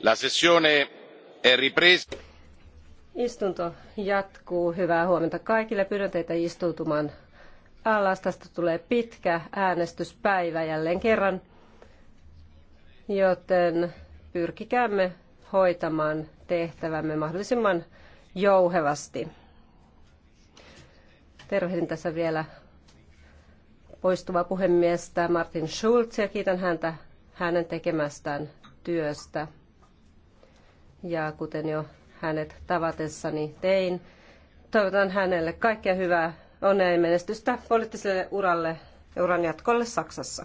La sessione è ripresa. Istunto jatkuu. Hyvää huomenta kaikille. Pyydän teitä istuutumaan alas. Tästä tulee pitkä äänestyspäivä jälleen kerran, joten pyrkikäämme hoitamaan tehtävämme mahdollisimman jouhevasti. Tervehdin tässä vielä poistuvaa puhemiestä Martin Schulz ja kiitän häntä hänen tekemästään työstä ja kuten jo hänet tavatessani tein, toivotan hänelle kaikkea hyvää, onnea ja menestystä poliittiselle uralle uran jatkolle Saksassa.